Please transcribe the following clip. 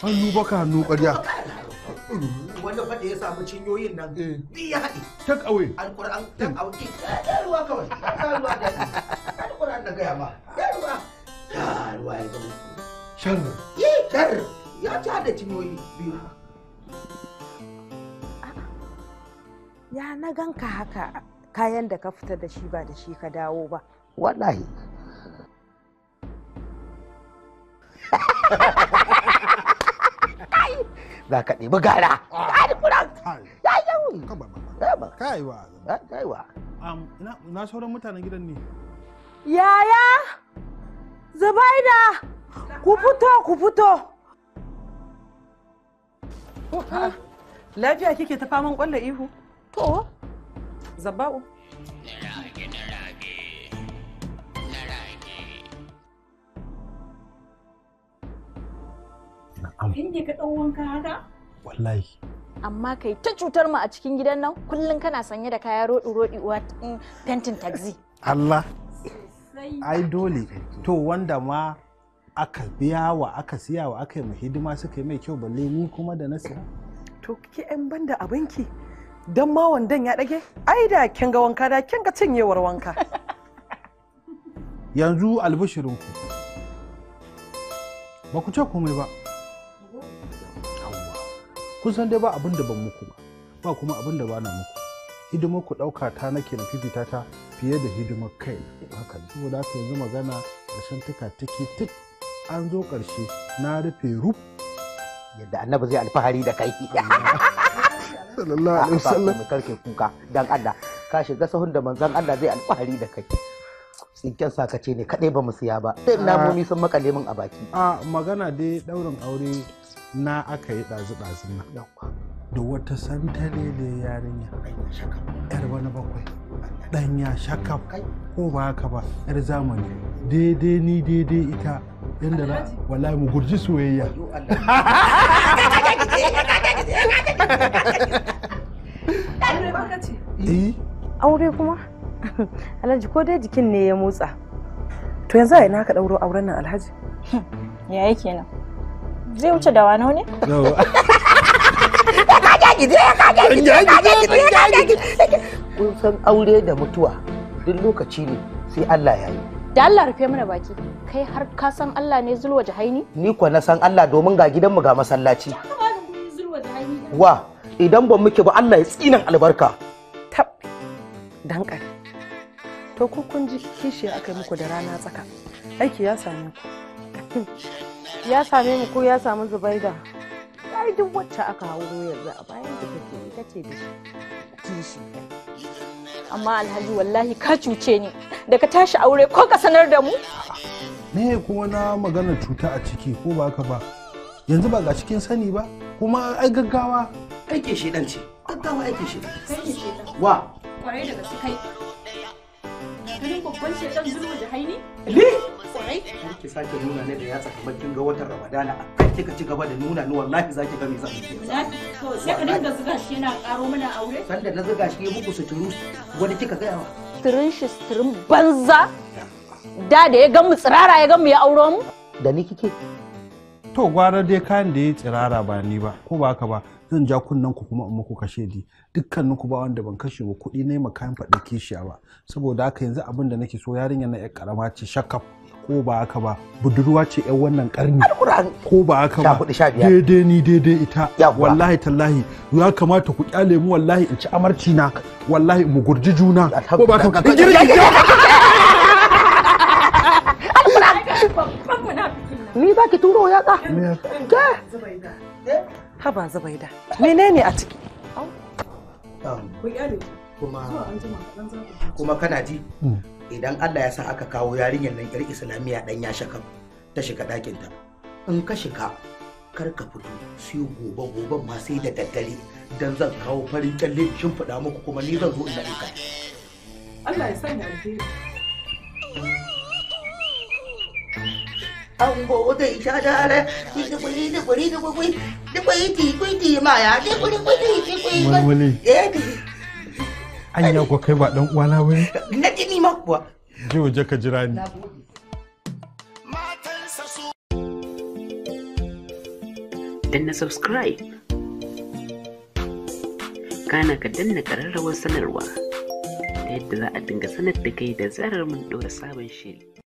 hannu ka hannu ƙarya wanda fata ya samu cinyoyin nan duk eh. ya haɗe ta ƙauye alƙur'an ta ƙauye ya ruwa kawai ya ruwa da alƙur'an da gaya ma ya ruwa ya ruwa ya zama shar yi shar ya ci haɗa cinyoyi biyu ya na ganka haka kayan da ka fita da shi ba da shi ka dawo ba wallahi kai za ka ɗebi gara ƙari ah. kuran ya yi kai wa kai na sauran mutanen gidan ne yaya zubaida ku fito ku fito lafiya kike ta faman kwalla ihu to zabba'u Kai ka wanka haka? Wallahi. Amma kai ta cutar mu a cikin gidan nan kullum kana sanye da kaya roɗi-roɗi uwa mm, fentin taxi. Allah. Ai dole. To wanda ma aka biya wa aka siya wa aka yi mai hidima suka yi mai kyau balle ni kuma da na siya. To kike yan banda abinki don ma wandan ya ɗage? Ai da kin ga wanka da kin ga cinyewar wanka. Yanzu albishirinku. Ba ku ce komai ba. kun san dai ba abin da ban muku ba ba kuma abin da ba na muku hidimar ku ɗauka ta nake na fifita ta fiye da hidimar kai haka ne saboda haka yanzu magana ƙarshen tuka take tik an zo ƙarshe na rufe ruf yadda annabi zai alfahari da kai sallallahu alaihi wasallam karke kuka dan Allah ka shiga sahun da manzon Allah zai alfahari da kai tsinken sakace ne kadai ba mu siya ba sai ah. namomi sun makale min a baki a ah, magana dai daurin aure na aka yi ɗazu-ɗazun nan da wata santare da yarinya yar wani bakwai ɗanya shakaf ko ba haka ba yar zamani daidai ni daidai ita yadda na wallahi mu gurji soyayya eh. aure kuma alhaji ko dai jikin ne ya motsa to yanzu a ina ka ɗauro auren nan alhaji ya yake nan zai wuce da wano ne? Kun san aure da mutuwa duk lokaci ne sai Allah ya yi. Da Allah rufe mana baki, kai har ka san Allah ne zulwa jahaini? Ni kuwa na san Allah domin ga gidanmu ga masallaci. Wa, idan ban muke ba Allah ya tsinan albarka. Tab, dankali. To ko kun ji kishi aka yi muku da rana tsaka, aiki ya same ku. ya same mu ko ya samu zubaida ai duk wacce aka hawo yanzu a bayan da take ita ce da shi amma alhaji wallahi ka cuce ni da ka tashi aure ko ka sanar da mu me kuma na magana cuta a ciki ko ba ka ba yanzu ba ga cikin sani ba kuma ai gaggawa shi shedan ce gaggawa kake shedan wa kwarai da gaske kai wancan dan zulmu da haini ne sai ki sake nuna ne da ya tsaka bakin ga watan ramadana a kan kika ci gaba da nuna ni wallahi zaki ga me zan na to sai ka dinga zuga shi yana karo mana aure sanda na zuga shi ya muku suturu wani kika ga yawa suturin shi suturin banza da da ya gan mu tsirara ya gan mu ya auro mu da ni kike to gwara dai kayan da ya tsirara ba ni ba ko ba haka ba zan ja kunnen ku kuma in muku kashe di dukkanin ku ba wanda ban kashe ba kuɗi ne makayan faɗi kishiya ba saboda haka yanzu abin da nake so yarinya na yar karama ce shakaf ko ba haka ba budurwa ce yan wannan karni ko ba haka ba daidai ni daidai ita wallahi tallahi ya kamata ku kyale mu wallahi in ci amarci na wallahi mu gurji juna ko ba haka ni ba ki turo ya ka haba zubaida menene a ciki um, kuma kana ji hmm. idan Allah ya sa aka kawo yarinyar nan yar islamiyya dan ya shaka ta shiga ɗakin ta in ka shiga kar ka fito sai gobe gobe ma sai da daddare dan zan kawo farin kyalle shimfiɗa muku kuma ni zan zo in da Allah ya sanya alheri ango da isha kai ba uwana na ma kuwa je waje ka jira ni danna subscribe kana ka danna sanarwa ta yadda za a dinga sanar da kai da zarar mun ɗora sabon shiri